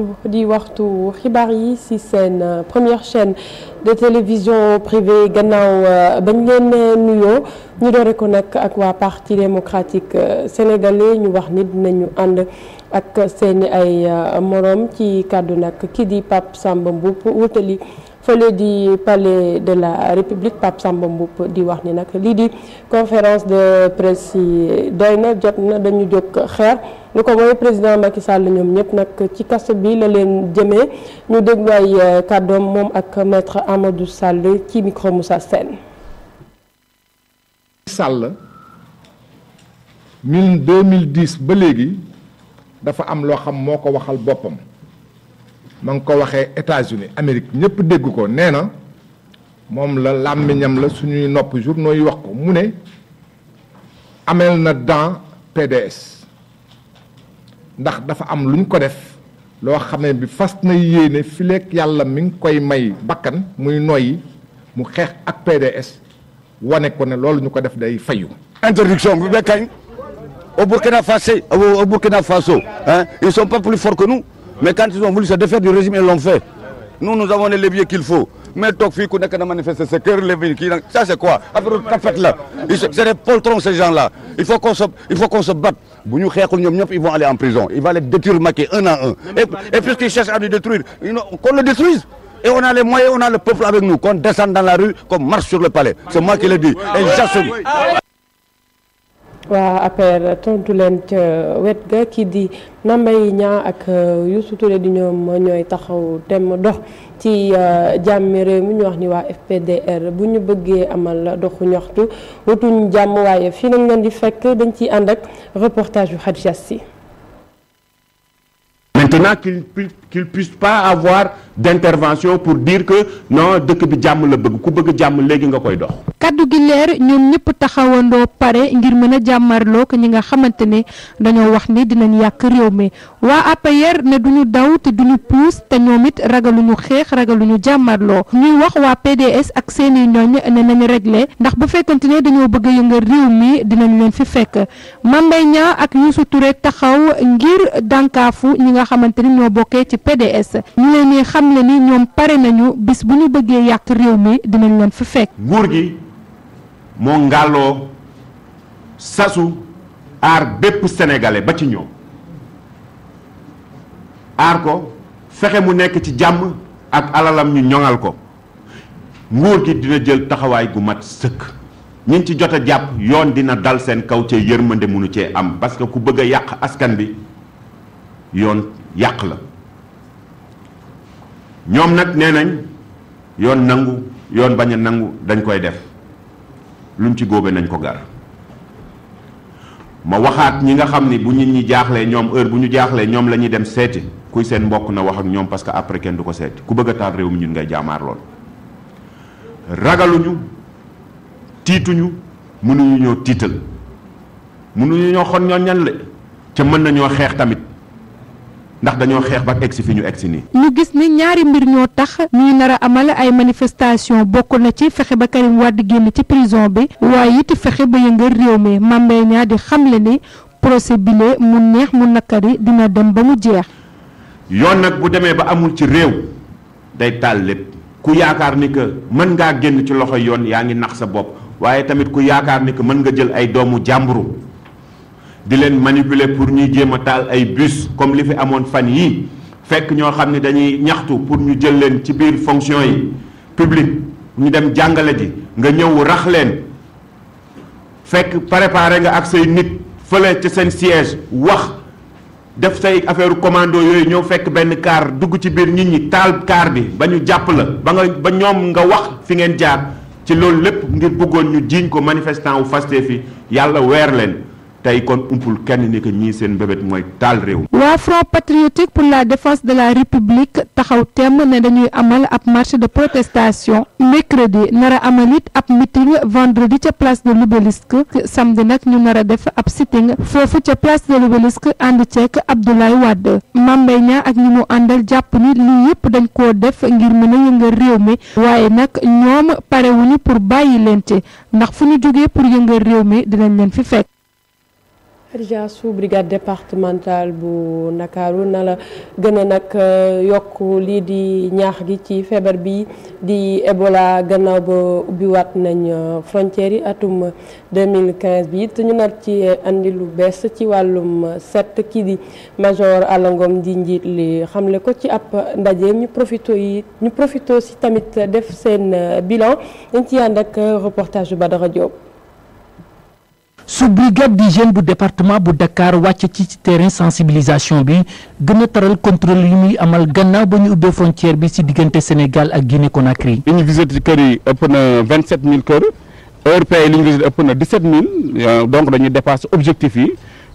waxtu di waxtu xibaar yi ci seen euh, première chaîne de télévision privée gannaaw euh, bañ leen euh, nuyoo ñu doore ko nag ak waa parti démocratique sénégalais ñu wax ni dinañu ànd ak seen ay morom ci kàddu nag kii di Pape Samba Mboup wutali fële di palais de la république Pape Samba Mboup di wax ni nag lii di conférence de presse yi doy na jot na dañu jóg xeer ñu ko woowee président Macky Sall ñoom ñëpp nag ci kaso bi la leen jëmee ñu déglu ay euh, kàddoom moom ak maître Amadou sàll ci micro Moussa Sall mille deux mille ba léegi dafa am loo xam moo ko waxal boppam ma ngi ko waxee États-Unis Amérique ñëpp dégg ko nee na moom la làmmiñam la suñuy nopp jour yi wax ko mu ne amel na dans PDS. ndax dafa am luñ ko def loo xam ne bi fas na yéene fileek yàlla mi ngi koy may bakkan muy noyyi mu xeex ak PDS wane ko ne loolu ñu ko def day fayu interdiction bi bekkañ au Burkina Faso au Burkina Faso hein ils sont pas plus forts que nous mais quand ils ont voulu se défaire du régime ils l'ont fait nous nous avons les leviers qu'il faut mais toi, fii ku nekk na manifester ça c'est quoi ah, le là, c'est des poltrons ces gens-là il faut qu'on se se batte ils vont aller en prison Ils vont les détruire, déturmaquer un à un et puisqu'ils cherchent à nous détruire qu'on le détruise et on a les moyens on a le peuple avec nous qu'on descende dans la rue qu'on marche sur le palais c'est moi qui le dis et ah, j'assume waa APR tontu leen ca wet ga kii di yi Niang ak euh, Youssou Touré di ñoom ñooy taxaw tem dox ci euh, jàmmi réew mi ñu wax ni waa FPDR bu ñu bëggee amal la doxu ñaxtu wutuñ jàmm waaye fii lañ leen di fekk dañ ciy ànd ak reportage yu Khadija Sy. qu'il puisse pas avoir d'intervention pour dire que non dëkk bi jàmm la bëgg ku bëgg jàmm léegi nga koy dox. kaddu gi leer ñoom ñëpp taxawando pare ngir mëna jamarlo ko ñi nga xamante ne wax ni dinañ yak réew mi wa APR ne duñu daw te duñu puus te ragalu ñu xex ragalu ñu jamarlo ñi wax wa PDS ak seeni ñooñ ne nañu réglé ndax bu fekkante ne dañoo bëgg yëngal réew mi dinañ leen fi fekk mambay ak Youssou Touré taxaw ngir dankafu ñi nga ñoo bokké ci PDS ñu leen ni xam ne ni ñoom pare nañu bis bu ñu bëggee yàq réew mi dinañ leen fa fekk. nguur gi moo ngàlloo sasu aar bépp sénégalais ba ci ñoom aar ko fexe mu nekk ci jàmm ak alalam ñu ñoŋal ko nguur gi dina jël taxawaay gu mat sëkk. ñi ci jot jàpp yoon dina dal seen kaw cee yërmande mënu cee am parce que ku bëgg a yàq askan bi yoon yàq la. ñoom nag nee nañ yoon nangu yoon bañ a nangu dañ koy def luñ ci góobe nañ ko gar ma waxaat ñi nga xam ni bu nit ñi jaaxlee ñoom heure bu ñu jaaxlee ñoom la ñuy dem seeti kuy seen mbokk na wax ak ñoom parce que après kenn du ko seet ku bëgg a taal réew mi ñun ngay jaamaar lool ragaluñu tiituñu mënuñu ñoo tiital mënuñu ñoo xon ñoo ñan la ca mën nañoo xeex tamit ndax dañoo xeex ba egsi fi ñu egsi nii. ñu gis ni ñaari mbir ñoo tax ñuy nar a amal ay manifestation bokk na ci fexe ba Karim Wade génn ci prison bi waaye it fexe ba yëngal réew mi Mame Mbaye di xamle ni procès le mu neex mu nakari dina dem ba mu jeex. yoon nag bu demee ba amul ci réew day taal lépp ku yaakaar ni que mën ngaa génn ci loxo yoon yaa ngi nax sa bopp waaye tamit ku yaakaar ni que mën nga jël ay doomu jàmburu di leen manipuler pour ñuy jéem a taal ay bus comme li fi amoon fan yii fekk ñoo xam ne dañuy ñaxtu pour ñu jël leen ci biir fonction yi publique ñu dem jàngale ji nga ñëw rax leen fekk préparé nga ak say nit fële ca seen siège wax def say affaire commando yooyu ñëw fekk benn kaar dugg ci biir nit ñi taal kaar bi ba ñu jàpp la ba nga ba ñoom nga wax fi ngeen jaar ci loolu lépp ngir bëggoon ñu jiiñ ko manifestant wu Pastef yi yàlla weer leen tey kon umpul kenn ni que ñii seen mbébét mooy taal réew. waa front patriotique pour la défense de la république taxaw temm ne dañuy amal ab marche de protestation mercredi nar a amal it ab meeting vendredi ca place de l'Obélisque samedi nag ñu nar a def ab sitting foofu ca place de l'Obélisque ànd ceek Abdoulaye Wade Mame Mbaye Niang ak ñi mu àndal jàpp ni lii yëpp dañ koo def ngir mën a yëngal réew mi waaye nag ñoom parewuñu pour bàyyi leen ci ndax fu ñu jógee pour yëngal réew mi dinañ leen fi fekk. Khadija sous brigade départementale bu Ndakaaru nala la gën a euh, yokk lii di ñaax gi ci feebar bi di Ebola gannaaw ba ubbiwaat nañ euh, frontières yi atum 2015 bi it ñu nar ci indi lu bees ci wàllum set kii di major Alla ji di njiit li xamle ko ci ab ndajeem ñu profito yi ñu profito si tamit def seen euh, bilan dañ ci ànd ak reportage bu Badara Diop sous brigade d'hygiène du département de Dakar, il y a un terrain de sensibilisation. Il y a un contrôle de a frontière du Sénégal et Guinée-Conakry. Une visite de est de 27 000 cœurs. une visite est de 17 000. Donc, on dépasse l'objectif.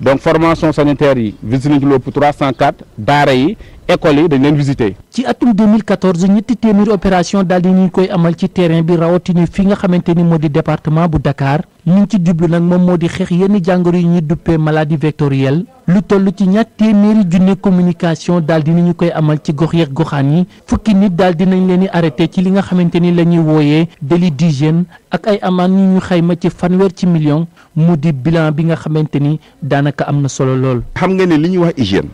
Donc, formation sanitaire, visite de l'eau pour 304, d'arrêt école yi dañ leen visité. ci atum 2014 ñetti téeméeri opération daal di ñuy koy amal ci terrain bi rawatina fi nga xamante ni moo di département bu Dakar liñ ci jublu nag moom moo di xeex yenn jàngoro yi ñuy duppee maladie vectorielle lu toll ci ñaar téeméeri junne communication daal di ñu koy amal ci gox yeeg goxaan yi fukki nit daal di nañ leen di arrêté ci li nga xamante ni la ñuy wooyee délit d'hygiène ak ay amaan yu ñu xayma ci fanweer ci million mu di bilan bi nga xamante ni daanaka am na solo lool. xam nga ne li ñuy wax hygiène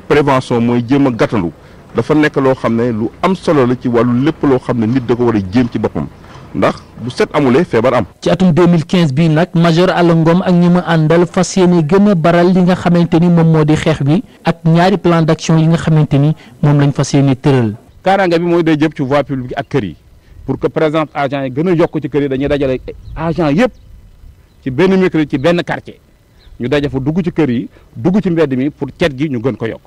prévention moy jéem gatalu dafa nek lo xamné lu am solo la ci walu lepp lo xamné nit da ko wara a ci bopam ndax bu set amulé feebar am. ci atum 2015 bi nak major alangom ak ñima andal fasiyene gëna baral li nga xamanteni mom modi xex bi ak ñaari plan d'action yi nga xamanteni mom moom lañ fas yéene tëral. bi moy day jëm ci voie publique ak kër yi pour que présent agent yi gën a ci kër yi dañuy dajale agent yépp ci benn micro ci benn quartier. ñu daje fa dugg ci kër yi dugg ci mbedd mi pour cet gi ñu gën ko yokk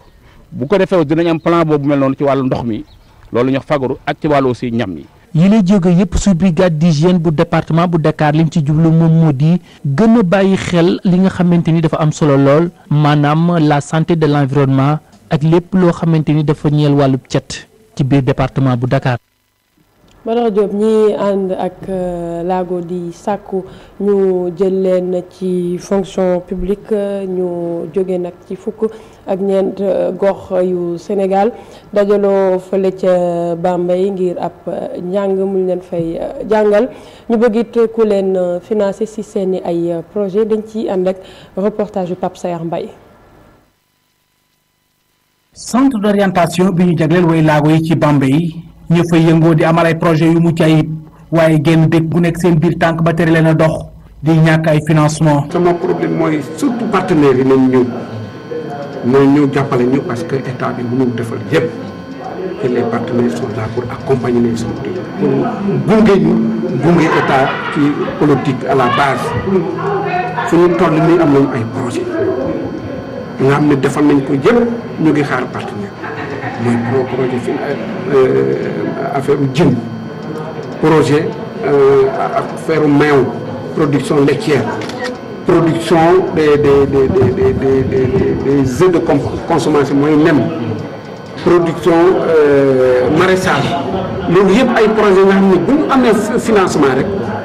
bu ko defee dinañ am plan boobu mel noonu ci wàllu ndox mi loolu ñu fagaru ak ci wàllu aussi ñam yi. yi lay jéego yëpp su brigade d'hygiène bu département bu Dakar liñ ci jublu moom moo di gën a bàyyi xel li nga xamante ni dafa am solo lool maanaam la santé de l'environnement ak lépp loo xamante ni dafa ñeel wàllu cet ci biir département bu Dakar. Madame Diop ñi ànd ak euh, laago di sàkku ñu jël leen ci fonction publique ñu jóge nag ci fukk ak ñent euh, gox yu Sénégal dajaloo fele ci Bambey ngir ap euh, njàng mu leen fay jangal ñu bëgg it ku leen financer ci seeni ay projet dañ ci and ak reportage yu Pape Sayar Mbaye centre d'orientation bi ñu jagleel way lago yi ci Bambey ñu fay yëngoo di amal ay projet yu mucc ayib waaye génn dëkk gu nekk seen biir tànk ba tere leen a dox di ñàkk ay financement sama problème mooy surtout partenaires yi nañ ñëw mooy ñëw jàppale ñu parce que état bi mënul defal yépp et les partenaires sont là pour accompagner les structures pour gunge ñu gunge état ci politique à la base fu ñu toll nii am nañu ay projet nga xam ne defal nañ ko yëpp ñu ngi xaar partenaire mooy projet fi euh, affaire jën projet euh, affaire meew production laitière production des des des des des des œufs de consommation mooy nem production euh, maraîchage loolu yëpp ay projet nga xam ne bu amee financement rek.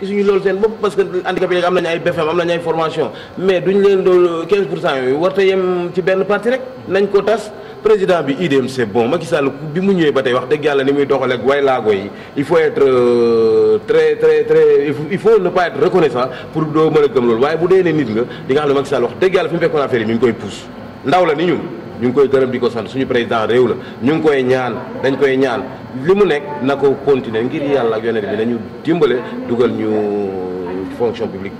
gisuñu loolu seen bopp parce que handicapés yi am nañu ay BFM am nañu ay formation mais duñ leen do 15 pour warta yem ci ben parti rek nañ ko tass président bi idéem c'est bon Macky Sall bi mu ñëwee batay wax dëgg yalla ni muy doxalee ak way laago yi il faut être euh, très très très il faut ne pas être reconnaissant pour do mën gëm loolu waye bu déné nit nga di nga xam ne Macky Sall wax dëgg yalla fi mu fekkoon affaire yi mi ngi koy pousse ndaw la ni ñun ñu ngi koy gërëm di ko sant suñu président réew la ñu ngi koy ñaan dañ koy ñaan li mu nekk na ko continuer ngir yàlla ak yonent bi nañu dimbale dugal ñu fonction publique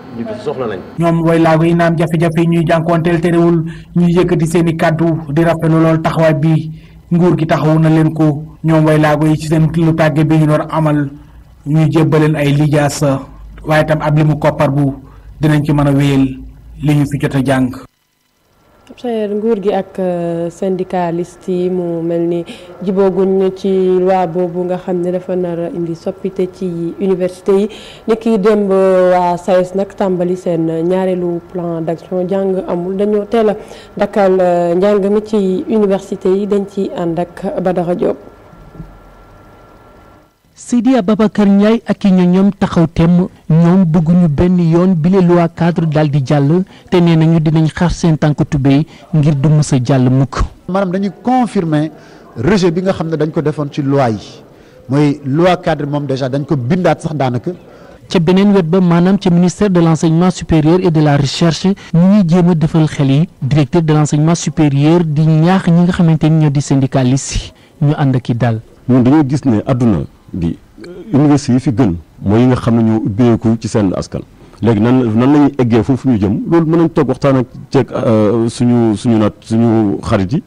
soxla nañ. ñoom way laago yi naan jafe-jafe yi ñuy jànkoonteel terewul ñuy yëkkati seen i kàddu di rafetlu loolu taxawaay bi nguur gi taxawu na leen ko ñoom way laago yi ci seen lu tàggee bi ñu doon amal ñuy jébbaleen ay lijaasa waaye tam ab limu koppar bu dinañ ci mën a wéyal li ñu fi jot a jàng. Saer nguur gi ak euh, syndicaliste yi mu mel ni jibooguñ ci loi boobu nga xam ne dafa nar a indi soppite ci université yi ni ki démb euh, waa SAES e nag tàmbali seen ñaareelu plan d'action jàng amul dañoo teel a dakkal euh, njàng mi ci université yi dañ ci ànd ak Badara Diop Sidi Ababakar Ndiaye ak ñoñom taxaw tem ñoom ñu benn yoon le loi cadre dal di jall té né nañu dinañ xar seen tank tubé ngir du mësa jall mukk manam dañuy confirmer rejet bi nga xam dañ ko defoon ci loi yi moy loi cadre mom déjà dañ ko bindat sax danaka ci benen wet ba manam ci ministère de l'enseignement supérieur et de la recherche ñu ngi jéem defal xel yi directeur de l'enseignement supérieur di ñaax ñi nga xamanteni ñoo di syndicaliste ñu and ki dal daal dañu gis ne aduna bi euh, université yi fi gën mooy yi nga xam ne ñu ubbeeku ci seen askan léegi nan nan lañuy eggee foofu ñu jëm loolu mën nañ toog waxtaan ak ceeg euh, suñu suñu naat suñu xarit yi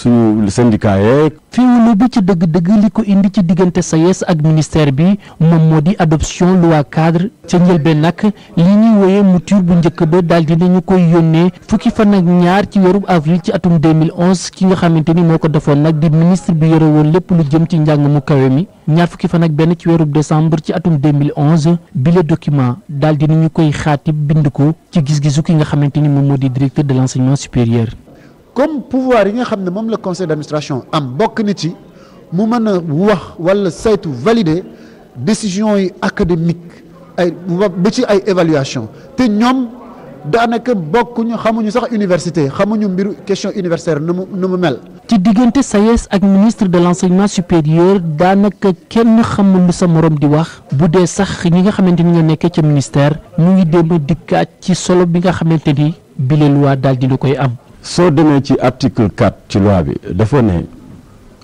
su suñu syndicat yeeg. féewaloo bi ca dëgg-dëgg li ko indi ci diggante SAES ak ministère bi moom moo di adoption loi cadre ca njëlbeen nag li ñuy wooyee mouture bu njëkk ba daal dinañu koy yónnee fukki fan ak ñaar ci weeru avril ci atum 2011 ki nga xamante ni moo ko defoon nag di ministre bi yore woon lépp lu jëm ci njàng mu kawe mi ñaar fukki fan ak benn ci weeru décembre ci atum 2011 bi le document daal dinañu koy xaati bind ko ci gis-gisu ki nga xamante ni moom moo di directeur de l'enseignement supérieur. comme pouvoir yi nga xamné mom le conseil d'administration am bokk na ci mu mën wax wala saytu valider décision yi académique ay ba ci ay évaluation te ñoom daanaka bokkuñu xamuñu sax université xamuñu mbir question universitaire nu nu mel. ci diggante sayes ak ministre de l'enseignement supérieur danaka kenn xamul lu sa morom di wax budé sax ñi nga xamante ni ñoo nekkee ci ministère ñu ngi dem dikkaat ci solo bi nga xamante ni bile loi dal di lu koy am. soo demee ci article 4 ci loi bi dafa ne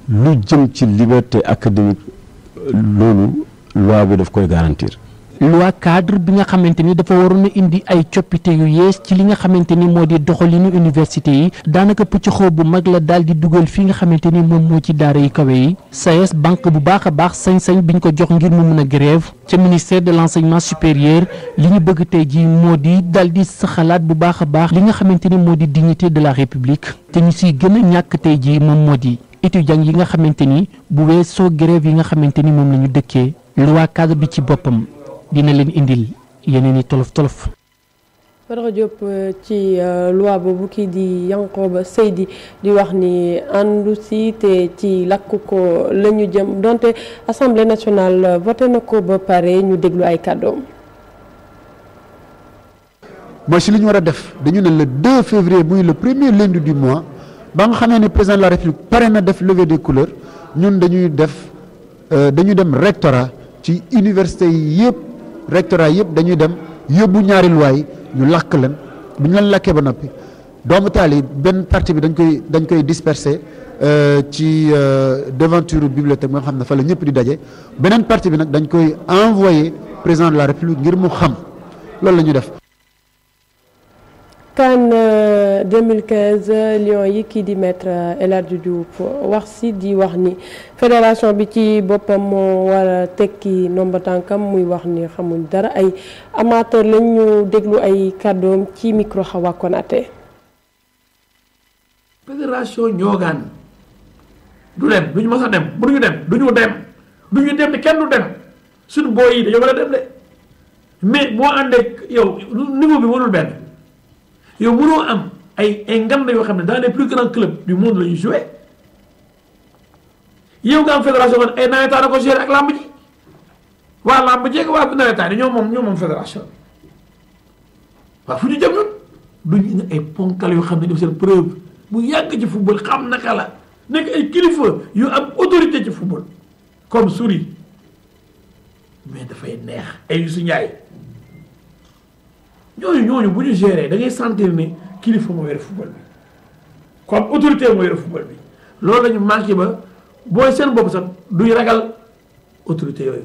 lu jëm ci liberté académique loolu loi bi daf koy garantir loi cadre bi nga xamante ni dafa waroon a indi ay coppite yu yees ci li nga xamante ni moo di doxalinu université yi daanaka pucc xoo bu mag la daal di dugal fii nga xamante ni moom moo ci daara yi kawe yi SAES e banque bu baax a baax sañ-sañ ñu ko jox ngir mu mën a grève ca ministère de l' enseignement supérieur li ñu bëgg tey ji moo di daal di xalaat bu baax a baax li nga xamante ni moo di dignité de la république te ñu siy gën a ñàkk tey ji moom moo di étudiants yi nga xamante ni bu weesoo grève yi nga xamante ni moom la ñu dëkkee loi cadre bi ci boppam dina leen indil yeneen i tolof tolof. Badara Diop euh, ci euh, loi boobu kii di Yankoba Seydi di wax ni àndu si te ci lakk ko la jëm donte assemblée nationale euh, voté na ko ba pare ñu déglu ay kàddoom. mooy si li ñu war a def dañu ne le 2 février muy le premier lundi du mois ba nga xamee ne président de la république pare na def levé des couleurs ñun dañuy def dañu dem rectorat ci université yépp rectorat yëpp dañuy dem yóbbu ñaari loi yi ñu lakk leen bu ñu leen lakkee ba noppi doomu taal yi benn partie bi dañ koy dañ koy disperser euh, ci euh, devanture bibliothèque bi nga xam ne fa la ñëpp di daje beneen partie bi nag dañ koy envoyer président de la république ngir mu xam loolu la ñu def. CAN 2015 euh, yi kii di maître euh, El Hadji wax si di wax ni fédération bi ci boppam moo war a tekki nomba tànkam muy wax ni xamul dara ay amateur lañ ñu déglu ay kàddoom ci micro Hawa Konaté fédération ñoogaan du dem duñu mës dem bu ñu dem duñu dem duñu dem te kenn du dem suñu booy yi dañoo war a dem de mais boo àndee yow niveau bi mënul benn yow mënoo am ay ay ngand yoo xam ne dans les plus grand club du monde la ñuy joué yow nga am fédération kon ay nawetaan a ko géré ak làmb ji waa làmb ji ak waa nawetaan yi ñoo moom ñoo moom fédération bi waaw fu ñu jëm ñun duñu indi ay ponkal yoo xam ne def seen preuve bu yàgg ci football xam naka la nekk ay kilifa yu am autorité ci football comme Souris mais dafay neex ay Youssou Ndiaye ñooñu ñooñu bu ñu gérer da ngay sentir ni kilifa moo yore football bi comme autorité moo yore football bi loolu lañu manqué ba booy seen bopp sax duñ ragal autorité yooyu.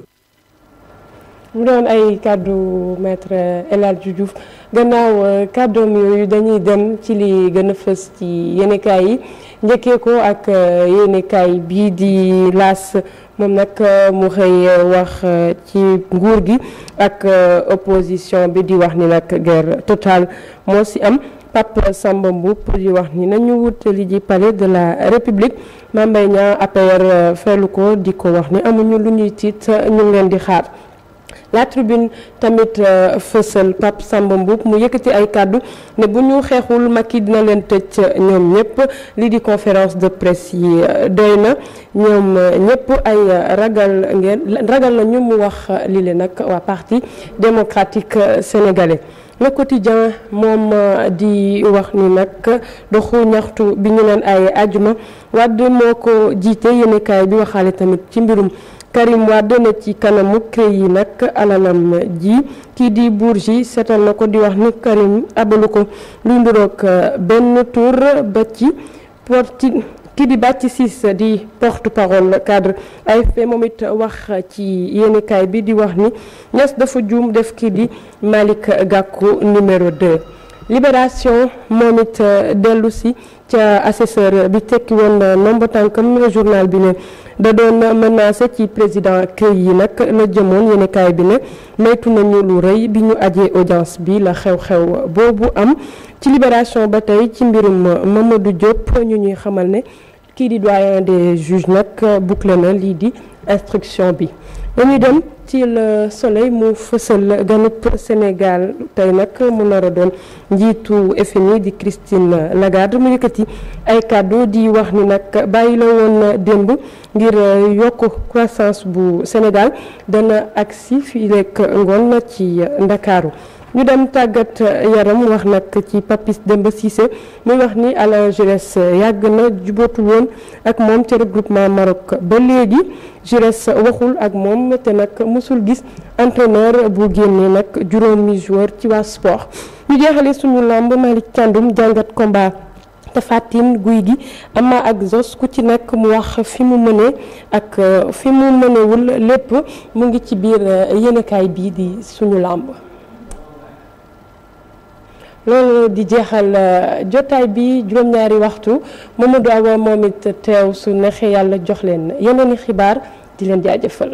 mu doon ay kàddu maître El Hadji gannaaw euh, kàddoom yooyu dañuy dem ci li gën a fës ci yenekaay yi. njëkkee ko ak euh, yéenekaay bii di laas moom nag euh, mu xëy euh, wax ci nguur gi ak opposition bi di wax ni nag guerre totale moo si am Pape Samba Mboup di wax ni nañu wut li ji palais de la République Mame Mbaye Niang APR ko di ko wax ni amuñu lu ñuy tiit ñu leen di xaar la tribune tamit feussel Pap Samba mu yëkëti ay cadeau ne buñu ñu makki dina len tecc euh, ñom ñëpp di conférence de presse yi euh, doy euh, ñëpp ay ragal ngeen ragal la ñu wax parti démocratique sénégalais le quotidien mom di wax ni nak doxu ñaxtu bi ñu naan ay ajuma Wade moo bi tamit ci mbirum Karim Wade na ci kanamu CREI yi nag alalam ji kii di Bourgi seetal na ko di wax ni Karim abalu ko lu nduroog euh, benn tour ba ci porti kii di Bathie Cissé di porte parole cadre AFP moom it wax ci yéenekaay bi di wax ni ñes dafa juum def kii di Malick Gakou numéro Libération moniteur delusi ci assesseur bi tekki euh, nombre journal bi ne président yi na yene kay bi ne nañu lu audience la am libération ba ci mbirum euh, Mamadou Diop ñu ñuy xamal ne euh, instruction bi dañuy dem ci le soleil mu fësal ganub Sénégal tey nag mu nar a doon njiitu FMI di Christine Lagarde mu yëkkati ay kàddu di wax ni nag bàyyi la woon démb ngir euh, yokk croissance bu Sénégal dana agsi fii rek ngoon ci Ndakaaru ñu dem tàggat eh, yaram wax nag ci Papis Demba Cissé muy wax ni à la eh, yàgg na jubatu woon ak moom ci regroupement Maroc ba léegi jeunesse waxul ak moom te nag mosul gis entraîneur bu génnee nag juróomi joueur ci waa sport ñu jeexale suñu làmb Malick Thiandoum jàngat combat tafatin guy gi ama ak zos ku ci nag mu wax fi mu mënee ak eh, fi mu mënewul lépp mu ngi ci biir yéenekaay bii di suñu làmb loolu di jeexal euh, jotaay bi juróom-ñaari waxtu Mamadou Awa moom it teew su neexee yàlla jox leen yeneen xibaar di leen jaajëfal.